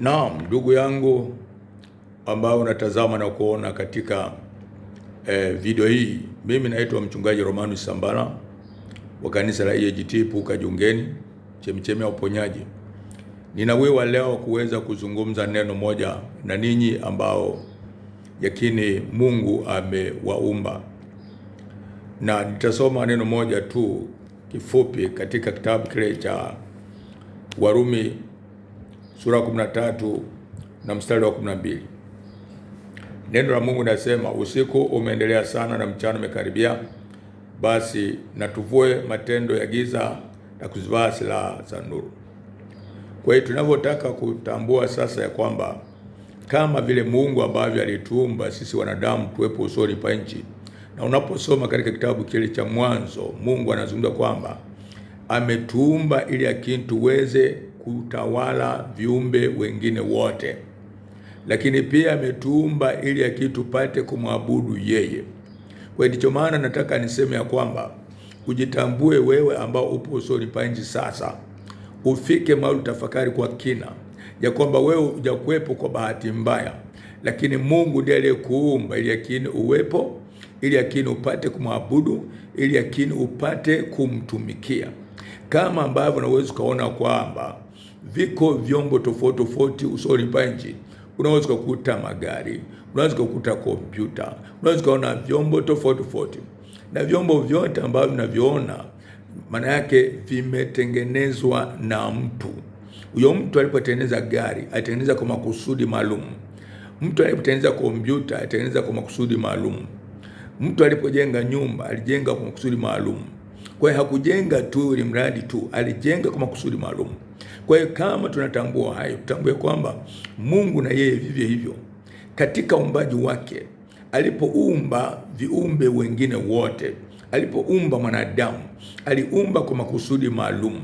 Naam, ndugu yangu ambayo unatazama na kuona katika eh, video hii, mimi naitwa mchungaji Romano Sambala wa kanisa la EAGT Puka Jungeni, chemichemi ya uponyaji. Ninawiwa leo kuweza kuzungumza neno moja na ninyi ambao yakini Mungu amewaumba, na nitasoma neno moja tu kifupi katika kitabu kile cha Warumi sura ya tatu na mstari wa mbili Neno la Mungu linasema, usiku umeendelea sana na mchana umekaribia, basi natuvue matendo ya giza na kuzivaa silaha za nuru. Kwa hiyo tunavyotaka kutambua sasa ya kwamba kama vile Mungu ambavyo alituumba sisi wanadamu tuwepo usoni pa nchi, na unaposoma katika kitabu kile cha Mwanzo, Mungu anazungumza kwamba ametuumba ili akini tuweze kutawala viumbe wengine wote. Lakini pia ametuumba ili akili tupate kumwabudu yeye. Kwa ndicho maana nataka niseme ya kwamba ujitambue wewe ambao upo usoni pa nchi sasa. Ufike mahali utafakari kwa kina ya kwamba wewe hujakuwepo kwa bahati mbaya, lakini Mungu ndiye aliyekuumba ili yakini uwepo, ili yakini upate kumwabudu, ili yakini upate kumtumikia, kama ambavyo unaweza ukaona kwamba viko vyombo tofauti tofauti usoni pa nchi. Unaweza kukuta magari, unaweza kukuta kompyuta, unaweza kuona vyombo tofauti tofauti, na vyombo vyote ambavyo vinavyoona maana yake vimetengenezwa na mtu. Huyo mtu alipotengeneza gari alitengeneza kwa makusudi maalum. Mtu alipotengeneza kompyuta alitengeneza kwa makusudi maalum. Mtu alipojenga nyumba alijenga kwa makusudi maalum. Kwa hiyo hakujenga tu ili mradi tu, alijenga kwa makusudi maalum. Kwa hiyo kama tunatambua hayo, tutambue kwamba Mungu na yeye vivyo hivyo katika uumbaji wake alipoumba viumbe wengine wote, alipoumba mwanadamu aliumba kwa makusudi maalum,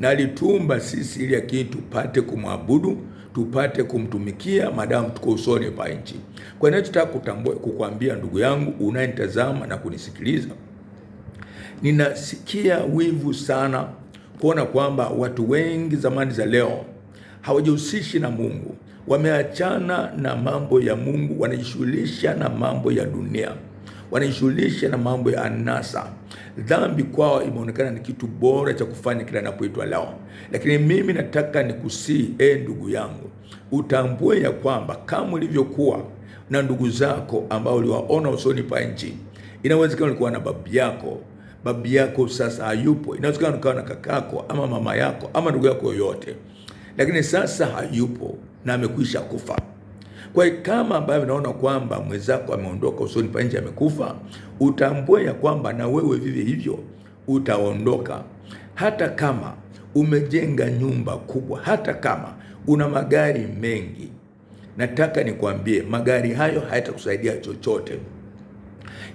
na alituumba sisi ili akili tupate kumwabudu tupate kumtumikia madamu tuko usoni pa nchi. Kwa hiyo nachotaka kutambua, kukwambia ndugu yangu unayenitazama na kunisikiliza, ninasikia wivu sana kuona kwamba watu wengi zamani za leo hawajihusishi na Mungu, wameachana na mambo ya Mungu, wanajishughulisha na mambo ya dunia, wanajishughulisha na mambo ya anasa. Dhambi kwao imeonekana ni kitu bora cha kufanya kila inapoitwa lao. Lakini mimi nataka nikusii, e ndugu yangu, utambue ya kwamba kama ulivyokuwa na ndugu zako ambao uliwaona usoni pa nchi, inawezekana ulikuwa na babu yako babu yako sasa hayupo, inawezekana ukawa na kakako ama mama yako ama ndugu yako yoyote, lakini sasa hayupo na amekwisha kufa. Kwa hiyo kama ambavyo naona kwamba mwenzako ameondoka usoni pa nje, amekufa, utambue ya kwamba na wewe vivyo hivyo utaondoka. Hata kama umejenga nyumba kubwa, hata kama una magari mengi, nataka nikwambie magari hayo hayatakusaidia chochote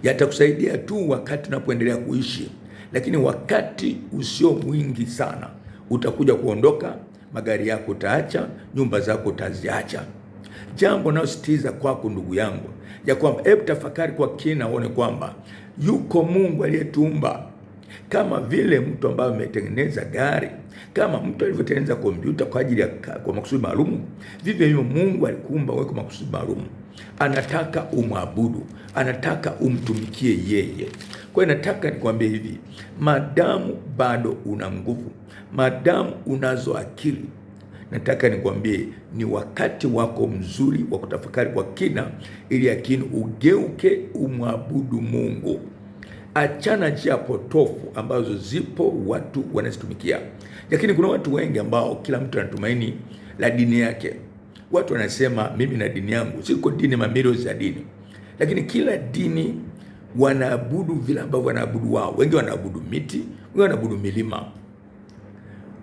yatakusaidia tu wakati unapoendelea kuishi, lakini wakati usio mwingi sana utakuja kuondoka, magari yako utaacha, nyumba zako utaziacha. Jambo nayositiza kwako ndugu yangu ya kwamba hebu tafakari kwa kina, uone kwamba yuko Mungu aliyetuumba kama vile mtu ambaye ametengeneza gari, kama mtu alivyotengeneza kompyuta kwa ajili ya kwa makusudi maalumu, vivyo hivyo Mungu alikuumba wewe kwa makusudi maalumu anataka umwabudu, anataka umtumikie yeye. Kwa hiyo nataka nikwambie hivi, madamu bado una nguvu, madamu unazo akili, nataka nikwambie ni wakati wako mzuri wa kutafakari kwa kina, ili yakini ugeuke umwabudu Mungu. Achana njia potofu ambazo zipo watu wanazitumikia, lakini kuna watu wengi ambao kila mtu anatumaini la dini yake Watu wanasema mimi na dini yangu, ziko dini mamilioni za dini, lakini kila dini wanaabudu vile ambavyo wanaabudu wao. Wengi wanaabudu miti, wengi wanaabudu milima,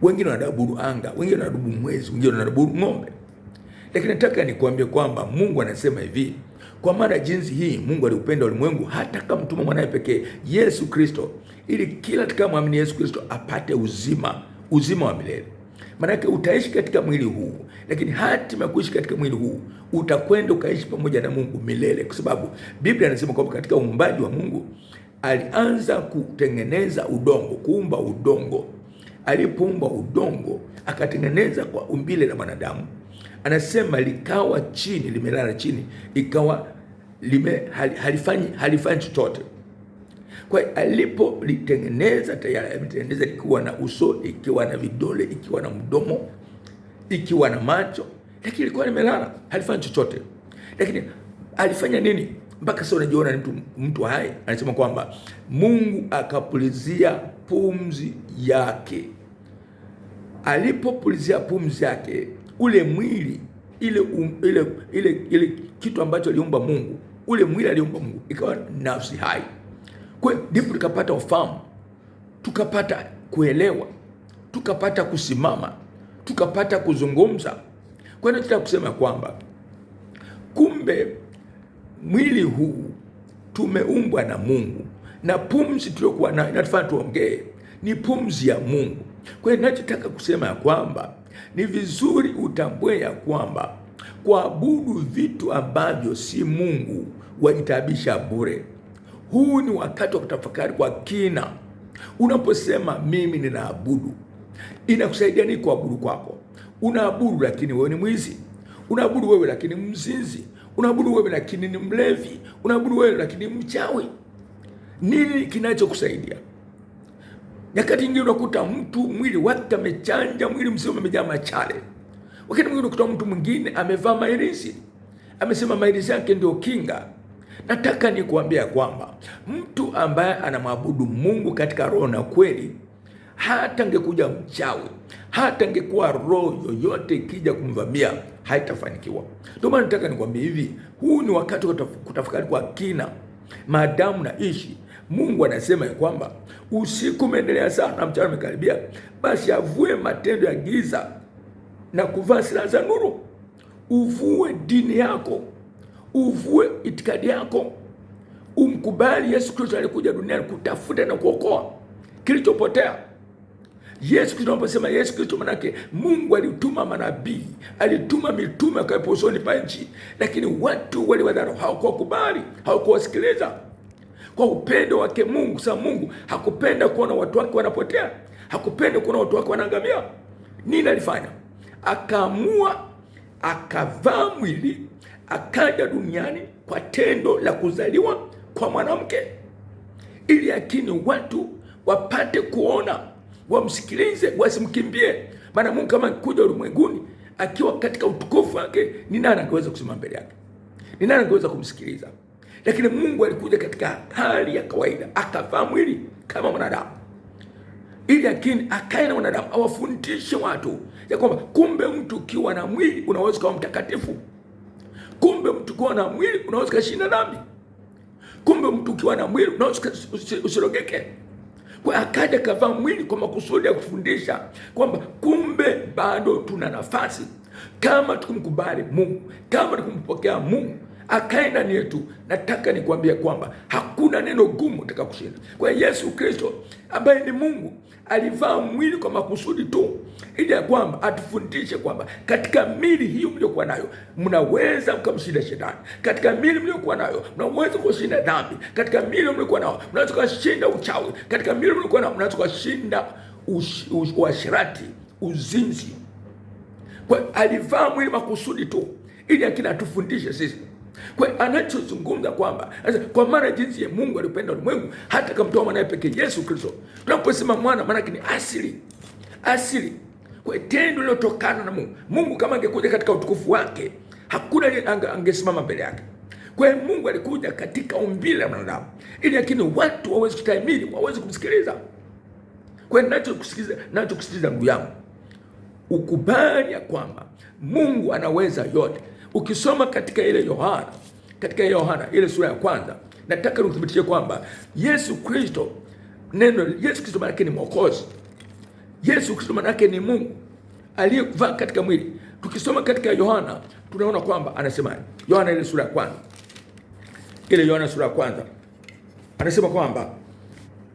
wengine wanaabudu anga, wengine wanaabudu mwezi, wengine wanaabudu ng'ombe. Lakini nataka nikuambie kwamba Mungu anasema hivi, kwa maana jinsi hii Mungu aliupenda ulimwengu hata kamtuma mwanaye pekee Yesu Kristo, ili kila atakayemwamini Yesu Kristo apate uzima, uzima wa milele. Maanake utaishi katika mwili huu, lakini hatima kuishi katika mwili huu utakwenda ukaishi pamoja na Mungu milele, kwa sababu Biblia inasema kwamba katika uumbaji wa Mungu alianza kutengeneza udongo, kuumba udongo. Alipoumba udongo akatengeneza kwa umbile la mwanadamu, anasema likawa chini, limelala chini, ikawa lime halifanyi halifanyi chochote kwa hiyo alipolitengeneza tayari alitengeneza ikiwa na uso, ikiwa na vidole, ikiwa na mdomo, ikiwa na macho, lakini ilikuwa limelala, halifanya chochote. Lakini alifanya nini mpaka sasa unajiona ni mtu, mtu hai? Anasema kwamba Mungu akapulizia pumzi yake. Alipopulizia pumzi yake ule mwili ile, um, ile, ile, ile kitu ambacho aliumba Mungu, ule mwili aliumba Mungu ikawa nafsi hai ndipo tukapata ufahamu, tukapata kuelewa, tukapata kusimama, tukapata kuzungumza. Kwa hiyo nataka kusema kwamba kumbe mwili huu tumeumbwa na Mungu na pumzi tuliokuwa nayo inatufanya tuongee ni pumzi ya Mungu. Kwa hiyo ninachotaka kusema ya kwamba ni vizuri utambue ya kwamba kuabudu vitu ambavyo si Mungu wajitabisha bure. Huu ni wakati wa kutafakari kwa kina. Unaposema mimi ninaabudu, inakusaidia ni kuabudu kwako? Unaabudu lakini wewe ni mwizi, unaabudu wewe lakini mzinzi, unaabudu wewe lakini ni mlevi, unaabudu wewe lakini mchawi. Nini kinachokusaidia? Nyakati nyingine unakuta mtu mwili wake amechanja, mwili mzima umejaa machale. Wakati mwingine unakuta mtu mwingine amevaa mairizi, amesema mairizi yake ndio kinga Nataka nikuambia kwamba mtu ambaye anamwabudu Mungu katika roho na kweli, hata angekuja mchawi, hata angekuwa roho yoyote ikija kumvamia haitafanikiwa. Ndio maana nataka nikuambia hivi, huu ni wakati wa kutafakari kwa kina. Maadamu naishi, Mungu anasema ya kwamba usiku umeendelea sana mchana umekaribia, basi avue matendo ya giza na kuvaa silaha za nuru. Uvue dini yako uvue itikadi yako, umkubali Yesu Kristo alikuja duniani kutafuta na kuokoa kilichopotea. Yesu Kristo, anaposema Yesu Kristo, manake Mungu alituma manabii, alituma mitume akawepo usoni pa nchi, lakini watu wale wadharau, hawakuwakubali, hawakuwasikiliza kwa upendo wake Mungu. Sasa Mungu hakupenda kuona watu wake wanapotea, hakupenda kuona watu wake wanaangamia. Nini alifanya? Akaamua akavaa mwili akaja duniani kwa tendo la kuzaliwa kwa mwanamke, ili yakini watu wapate kuona, wamsikilize, wasimkimbie. Maana Mungu kama kuja ulimwenguni akiwa katika utukufu wake, ni nani angeweza kusimama mbele yake? Ni nani angeweza kumsikiliza? Lakini Mungu alikuja katika hali ya kawaida, akavaa mwili kama mwanadamu, ili akini akae na wanadamu, awafundishe watu ya kwamba kumbe mtu ukiwa na mwili unaweza kuwa mtakatifu. Kumbe mtu kuwa na mwili unaweza kashinda dhambi. Kumbe mtu ukiwa na mwili unaweza usirogeke. Kwa akaja kavaa mwili kwa makusudi ya kufundisha kwamba kumbe bado tuna nafasi kama tukumkubali Mungu, kama tukumpokea Mungu akae ndani yetu. Nataka nikuambia kwamba hakuna neno gumu kushinda Kwa Yesu Kristo ambaye ni Mungu alivaa mwili kwa makusudi tu, ili ya kwamba atufundishe kwamba katika mili hiyo mliokuwa nayo mnaweza mkamshinda shetani, katika mili mliokuwa nayo mnaweza kushinda dhambi, katika mili mliokuwa nayo mnaweza kushinda uchawi, katika mili mliokuwa nayo mnaweza kushinda uasherati, uzinzi. Kwa alivaa mwili makusudi tu, ili akina atufundishe sisi kwa anachozungumza kwamba kwa maana jinsi ya Mungu alipenda ulimwengu hata akamtoa mwanae pekee Yesu Kristo. Tunaposema mwana, maana ni asili, asili kwa tendo lilotokana na Mungu. Mungu kama angekuja katika utukufu wake, hakuna angesimama mbele yake. Kwa hiyo Mungu alikuja katika umbile la mwanadamu, ili lakini watu waweze kustahimili, waweze kumsikiliza. Kwa hiyo nachokusikiliza, nachokusitiza ndugu yangu, ukubali ya kwamba Mungu anaweza yote. Ukisoma katika ile Yohana, katika Yohana ile sura ya kwanza, nataka nikuthibitishe kwamba Yesu Kristo, neno Yesu Kristo maana yake ni Mwokozi. Yesu Kristo maana yake ni Mungu aliyevaa katika mwili. Tukisoma katika Yohana tunaona kwamba anasema Yohana ile sura ya kwanza, ile Yohana sura ya kwanza anasema kwamba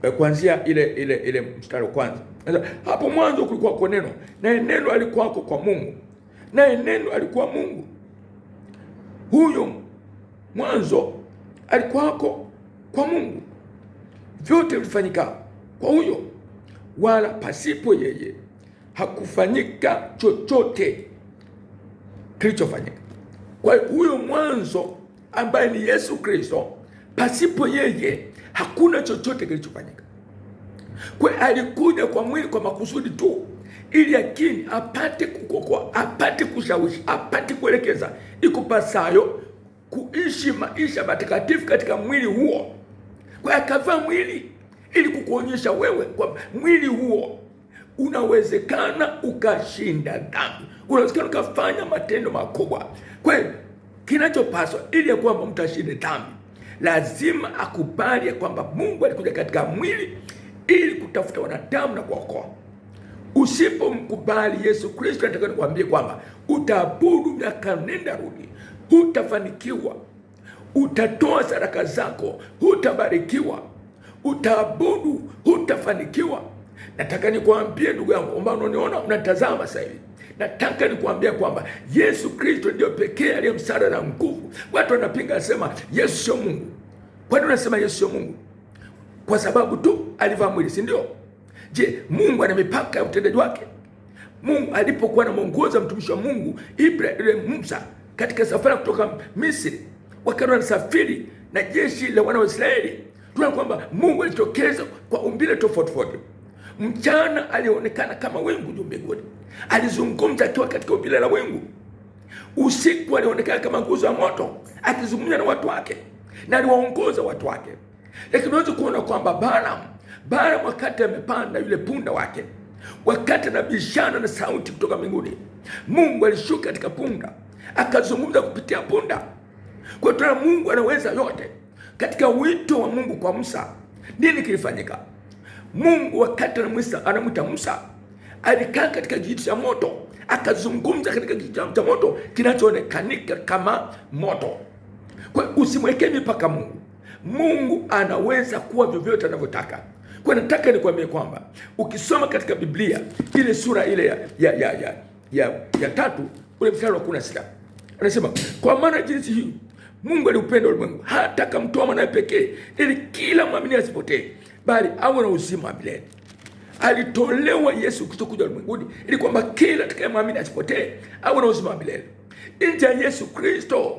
eh, kuanzia ile ile ile mstari wa kwanza, hapo mwanzo kulikuwa kwa neno, naye neno alikuwako kwa Mungu, naye neno alikuwa Mungu huyo mwanzo alikuwako kwa Mungu, vyote vilifanyika kwa huyo, wala pasipo yeye hakufanyika chochote kilichofanyika. Kwa hiyo huyo mwanzo ambaye ni Yesu Kristo, pasipo yeye hakuna chochote kilichofanyika. Kwa alikuja kwa mwili kwa makusudi tu ili akini apate kukokoa, apate kushawishi, apate kuelekeza ikupasayo kuishi maisha matakatifu katika mwili huo. Kwa akavaa mwili ili kukuonyesha wewe kwa mwili huo unawezekana ukashinda dhambi, unawezekana ukafanya matendo makubwa. Kwa hiyo kinachopaswa ili ya kwamba mtu ashinde dhambi, lazima akubali ya kwamba Mungu alikuja katika mwili ili kutafuta wanadamu na kuokoa. Usipomkubali Yesu Kristo, nataka nikwambie kwamba utaabudu miaka nenda rudi, hutafanikiwa. Utatoa sadaka zako, hutabarikiwa. Utaabudu, hutafanikiwa. Nataka nikwambie ndugu yangu ambaye unaniona unatazama sasa hivi, nataka nikuambia kwamba Yesu Kristo ndio pekee aliye msaada na nguvu. Watu wanapinga, anasema Yesu sio Mungu. Kwani unasema Yesu sio Mungu? Kwa sababu tu alivaa mwili, si ndio? Je, Mungu ana mipaka ya utendaji wake? Mungu alipokuwa anamwongoza mtumishi wa Mungu Ibrahim Musa katika safari kutoka Misri, wakati wanasafiri na jeshi la wana wa Israeli, tunaona kwamba Mungu alitokeza kwa umbile tofauti tofauti. Mchana alionekana kama wingu juu mbinguni, alizungumza akiwa katika umbile la wingu. Usiku alionekana kama nguzo ya moto akizungumza na watu wake, na aliwaongoza watu wake, lakini unaweza kuona kwamba Balaam bara wakati amepanda yule punda wake, wakati anabishana na sauti kutoka mbinguni, Mungu alishuka katika punda akazungumza kupitia punda. Kwa tuna Mungu anaweza yote. Katika wito wa Mungu kwa Musa, nini kilifanyika? Mungu wakati anamwita Musa alikaa katika kijiti cha moto, akazungumza katika kijiti cha moto kinachoonekanika kama moto. Kwa hiyo usimwekee mipaka Mungu. Mungu anaweza kuwa vyovyote anavyotaka. Kwa nataka nikuambie kwamba ukisoma katika Biblia ile sura ile ya, ya, ya, ya, ya, ya tatu ule mstari wa kumi na sita anasema kwa maana jinsi hii Mungu aliupenda ulimwengu hata akamtoa mwanawe pekee ili kila mwamini asipotee bali awe na uzima wa milele. Alitolewa Yesu Kristo kuja ulimwenguni ili kwamba kila mwamini asipotee awe na uzima wa milele. Nje ya Yesu Kristo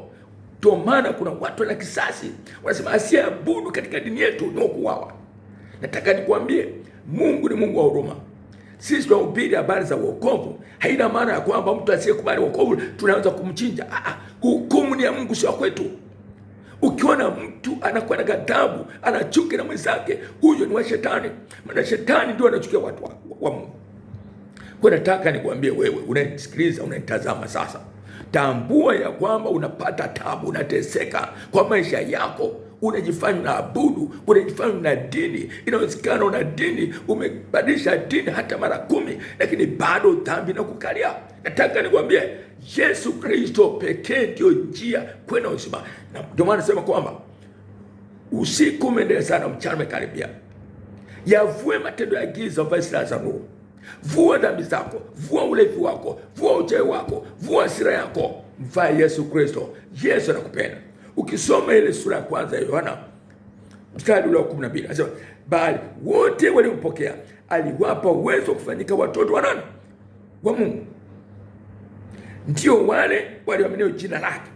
ndio maana kuna watu wana kisasi wanasema asiyeabudu katika dini yetu ni kuuawa. Nataka nikwambie Mungu ni Mungu wa huruma. Sisi tunahubiri habari za wokovu, haina maana ya kwamba mtu asiyekubali wokovu tunaweza kumchinja. Ah, ah, hukumu ni ya Mungu, sio kwetu. Ukiona mtu anakuwa na ghadhabu, ana chuki na mwenzake, huyo ni wa shetani, maana shetani ndio anachukia watu wa, Mungu. Kwa nataka nikwambie wewe unanisikiliza, unanitazama sasa, tambua ya kwamba unapata tabu, unateseka kwa maisha yako unajifanya abudu unajifanya una dini. Inawezekana una dini, umebadilisha dini hata mara kumi, lakini bado dhambi inakukalia. Nataka nikwambie Yesu Kristo pekee ndio njia kwenda uzima, na ndio maana nasema kwamba usiku umeendelea sana, mchana umekaribia. Yavue matendo ya giza, vae silaha za nuru. Vua dhambi zako, vua ulevi wako, vua uchawi wako, vua hasira yako, mvae Yesu Kristo. Yesu anakupenda. Ukisoma ile sura ya kwanza ya Yohana mstari ule wa kumi na mbili anasema bali wote waliompokea aliwapa uwezo wa kufanyika watoto wa nani? Wa Mungu, ndio wale walioamini jina lake.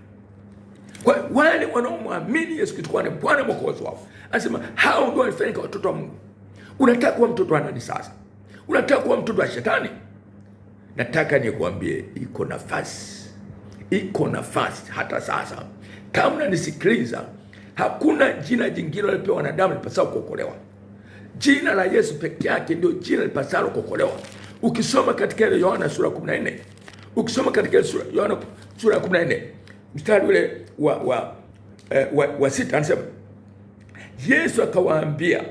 Kwa wale wanaomwamini Yesu Kristo ni Bwana mwokozi wao, anasema hao ndio walifanyika watoto wa Mungu. Unataka kuwa mtoto wa nani sasa? Unataka kuwa mtoto wa Shetani? Nataka nikuambie, iko nafasi, iko nafasi hata sasa kama unanisikiliza, hakuna jina jingine alipewa wanadamu lipasalo kuokolewa. Jina la Yesu peke yake ndio jina lipasalo kuokolewa. Ukisoma katika ile Yohana sura kumi nne ukisoma katika ile sura Yohana sura nne mstari ule wa wa, eh, wa, wa sita anasema Yesu akawaambia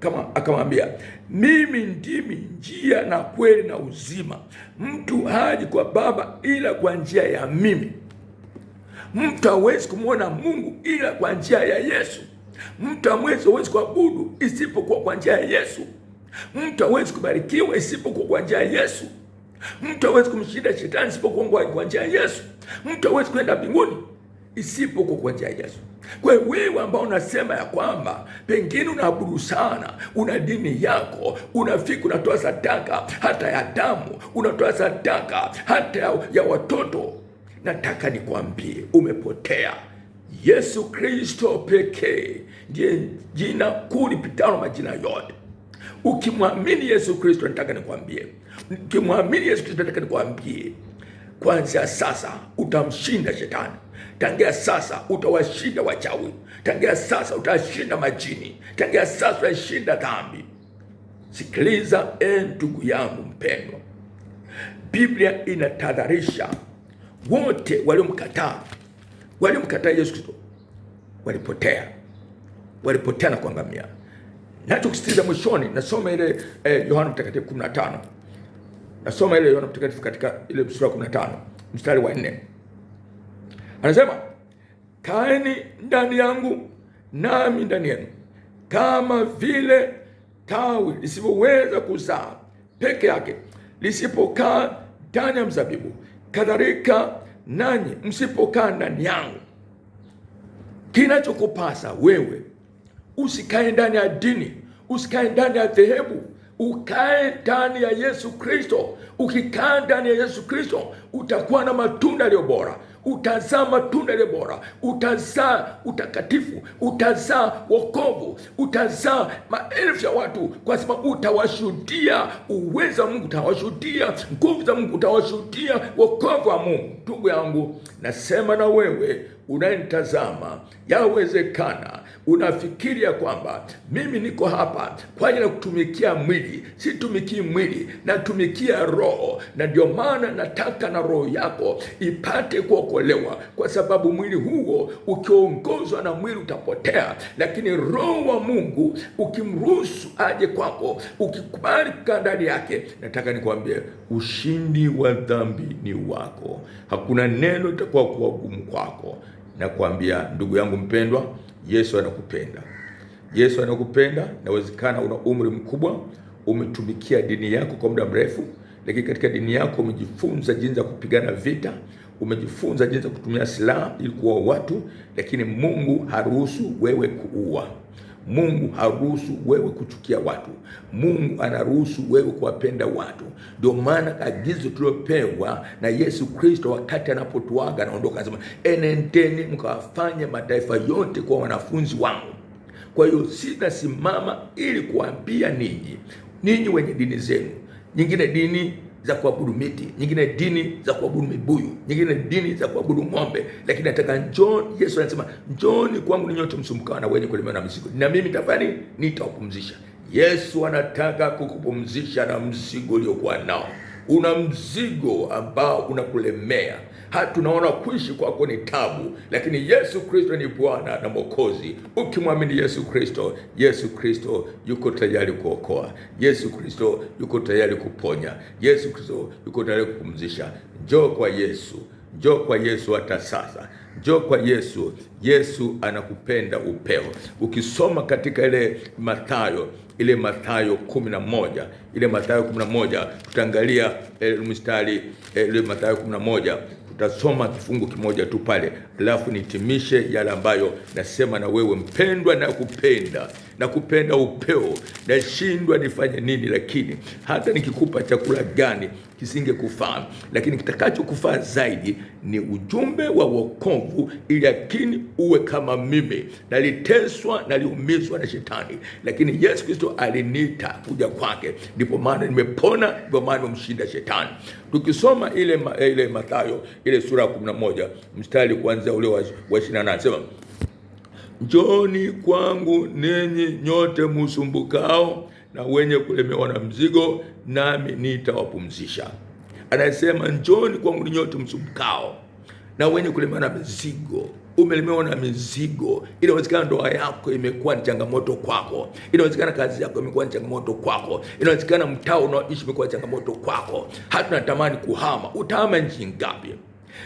kama akamwambia, mimi ndimi njia na kweli na uzima, mtu haji kwa Baba ila kwa njia ya mimi. Mtu hawezi kumwona Mungu ila kwa njia ya Yesu. Mtu hawezi hawezi kuabudu isipokuwa kwa njia ya Yesu. Mtu hawezi kubarikiwa isipokuwa kwa njia ya Yesu. Mtu hawezi kumshinda shetani isipokuwa kwa njia ya Yesu. Mtu hawezi kwenda mbinguni isipokuwa kwa njia ya Yesu. Kwa hiyo wewe ambao unasema ya kwamba pengine unaabudu sana, una dini yako, unafiki, unatoa sadaka hata ya damu, unatoa sadaka hata ya watoto nataka nikwambie umepotea. Yesu Kristo pekee ndiye jina kuu lipitalo majina yote. Ukimwamini Yesu Kristo, nataka nikwambie, ukimwamini Yesu Kristo, nataka nikwambie, kwanza sasa utamshinda shetani. Tangia sasa utawashinda wachawi. Tangia sasa utashinda majini. Tangia sasa utashinda dhambi. Sikiliza e ndugu yangu mpendwa, Biblia inatadharisha wote waliomkataa waliomkataa Yesu Kristo walipotea, walipotea na kuangamia. nachokusitiza mwishoni, nasoma ile eh, Yohana Mtakatifu 15 nasoma ile Yohana Mtakatifu katika ile sura 15 mstari wa 4 anasema, kaeni ndani yangu nami ndani yenu, kama vile tawi lisivyoweza kuzaa peke yake lisipokaa ndani ya mzabibu kadhalika nanyi msipokaa ndani yangu. Kinachokupasa wewe usikae ndani ya dini, usikae ndani ya dhehebu, ukae ndani ya Yesu Kristo. Ukikaa ndani ya Yesu Kristo utakuwa na matunda yaliyo bora utazaa matunda yaliyo bora, utazaa utakatifu, utazaa wokovu, utazaa maelfu ya watu, kwa sababu utawashuhudia uwezo wa Mungu, utawashuhudia nguvu za Mungu, utawashuhudia wokovu wa Mungu. Ndugu yangu, nasema na wewe unayenitazama, yawezekana unafikiria kwamba mimi niko hapa kwa ajili ya kutumikia mwili, situmikii mwili, natumikia roho. Na ndio maana nataka na roho yako ipate kuokolewa, kwa sababu mwili huo ukiongozwa na mwili utapotea, lakini roho wa Mungu ukimruhusu aje kwako, ukikubali kukaa ndani yake, nataka nikwambie ushindi wa dhambi ni wako. Hakuna neno litakuwa kuwa gumu kwako na kuambia ndugu yangu mpendwa, Yesu anakupenda. Yesu anakupenda. nawezekana una umri mkubwa, umetumikia dini yako kwa muda mrefu, lakini katika dini yako umejifunza jinsi ya kupigana vita, umejifunza jinsi ya kutumia silaha ili kuua watu, lakini Mungu haruhusu wewe kuua. Mungu haruhusu wewe kuchukia watu. Mungu anaruhusu wewe kuwapenda watu. Ndio maana agizo tuliopewa na Yesu Kristo wakati anapotuaga anaondoka, anasema enendeni mkawafanye mataifa yote kwa wanafunzi wangu. Kwa hiyo sinasimama ili kuambia ninyi, ninyi wenye dini zenu nyingine dini za kuabudu miti, nyingine dini za kuabudu mibuyu, nyingine dini za kuabudu ng'ombe, lakini nataka njoo. Yesu anasema njoni kwangu nyote msumbukao na wenye kulemewa na mzigo na mimi nitafanya nitawapumzisha. Yesu anataka kukupumzisha na mzigo uliokuwa nao una mzigo ambao unakulemea hata tunaona kuishi kwako ni tabu, lakini Yesu Kristo ni Bwana na Mwokozi. Ukimwamini Yesu Kristo, Yesu Kristo yuko tayari kuokoa. Yesu Kristo yuko tayari kuponya. Yesu Kristo yuko tayari kupumzisha. Njoo kwa Yesu jo kwa Yesu hata sasa, jo kwa Yesu. Yesu anakupenda upeo. Ukisoma katika ile Mathayo ile Mathayo kumi na moja ile Mathayo kumi na moja tutaangalia eh, mstari eh, ile Mathayo kumi na moja tasoma kifungu kimoja tu pale, alafu nitimishe yale ambayo nasema. Na wewe mpendwa, na kupenda na kupenda upeo, nashindwa nifanye nini, lakini hata nikikupa chakula gani kisinge kufaa lakini kitakachokufaa zaidi ni ujumbe wa wokovu, ili akini uwe kama mimi. Naliteswa, naliumizwa na Shetani, lakini Yesu Kristo aliniita kuja kwake, ndipo maana nimepona, ndipo maana nimemshinda Shetani. Tukisoma ile, ile Mathayo ile sura ya 11 mstari kuanzia ule wa 28 sema njoni kwangu ninyi nyote musumbukao na wenye kulemewa na mzigo, nami nitawapumzisha. Anasema njoni kwangu ninyi nyote msumbukao na wenye kulemewa na mizigo. Umelemewa na mizigo. Inawezekana ndoa yako imekuwa ni changamoto kwako, inawezekana kazi yako imekuwa ni changamoto kwako, inawezekana mtaa unaoishi imekuwa changamoto kwako. Hata natamani kuhama. Utahama nchi ngapi?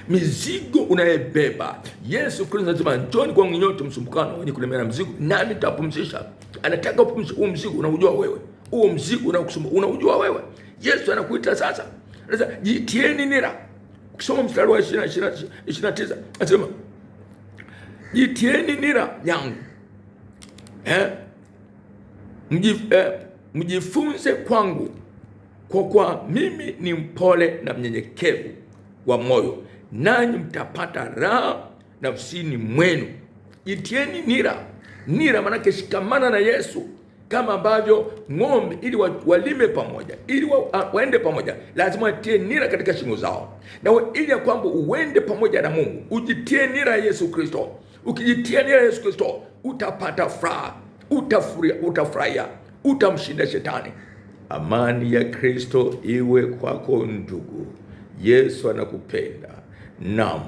mizigo unayebeba. Yesu Kristo anasema njoni kwangu nyote msumbukano wenye kulemea mzigo, nami nitapumzisha. Anataka upumzike. Huo mzigo, unaujua wewe huo mzigo unakusumbua, unaujua wewe. Yesu anakuita sasa, anasema jitieni nira. Ukisoma mstari wa ishirini na tisa anasema jitieni nira yangu eh? Mjif, eh, mjifunze kwangu kwa kuwa mimi ni mpole na mnyenyekevu wa moyo, nanyi mtapata raha nafsini mwenu. Jitieni nira nira, maanake shikamana na Yesu kama ambavyo ng'ombe ili walime pamoja, ili wa, waende pamoja, lazima watie nira katika shingo zao, na ili ya kwamba uende pamoja na Mungu, ujitie nira Yesu Kristo. Ukijitia nira Yesu Kristo utapata furaha, utafurahia, utamshinda Shetani. Amani ya Kristo iwe kwako ndugu. Yesu anakupenda. Naam,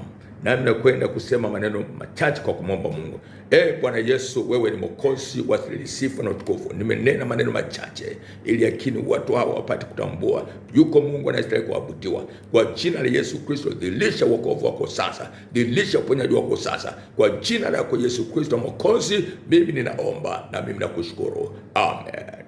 nami nakwenda kusema maneno machache kwa kumwomba Mungu. E Bwana Yesu, wewe ni mokozi wa sifa na utukufu. Nimenena maneno machache ili akini watu hawa wapate kutambua yuko Mungu anayestahili kuabudiwa. Kwa jina la Yesu Kristo, dhilisha wokovu wako sasa, dhilisha uponyaji wako sasa. Kwa jina lako Yesu Kristo mokozi mimi ninaomba na mimi nakushukuru, amen.